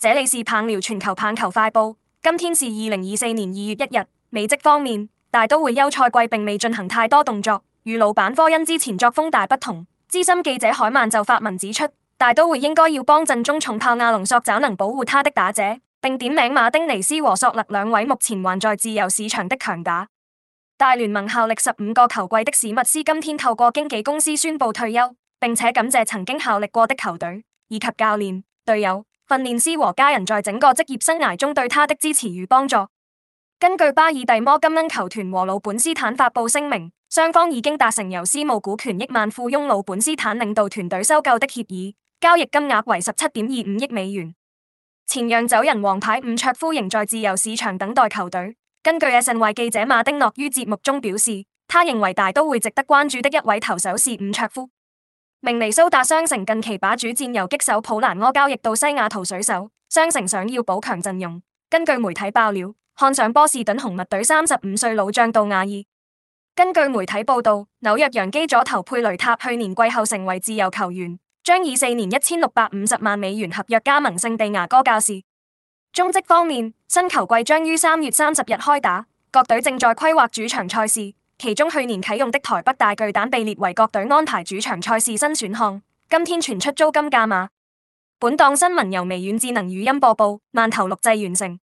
這裏是棒聊全球棒球快報，今天是二零二四年二月一日。美職方面，大都會休賽季並未進行太多動作。與老闆科恩之前作風大不同，資深記者海曼就發文指出，大都會應該要幫陣中重炮亞龍索找能保護他的打者，並點名馬丁尼斯和索勒兩位目前還在自由市場的強打。大聯盟效力十五個球季的史密斯今天透過經紀公司宣布退休，並且感謝曾經效力過的球隊以及教練隊友。訓練師和家人在整個職業生涯中對他的支持與幫助。根據巴爾的摩金鶯球團和魯本斯坦發布聲明，雙方已經達成由私募股權億萬富翁魯本斯坦領導團隊收購的協議，交易金額為十七點二五億美元。前讓走人王牌伍卓夫仍在自由市場等待球隊。根據阿信納記者馬丁諾於節目中表示，他認為大都會值得關注的一位投手是伍卓夫。明尼蘇達雙城近期把主戰游擊手普蘭柯交易到西雅圖水手，雙城想要補強陣容。根據媒體爆料，看上波士頓紅襪隊三十五歲老將杜瓦爾。根據媒體報道，紐約揚基左投佩雷塔去年季後成為自由球員，將以四年一千六百五十萬美元合約加盟聖地牙哥教士。中職方面，新球季將於三月三十日開打，各隊正在規劃主場賽事。其中去年啟用的台北大巨蛋被列為各隊安排主場賽事新選項，今天傳出租金價碼。本檔新聞由微軟智能語音播報，慢頭錄製完成。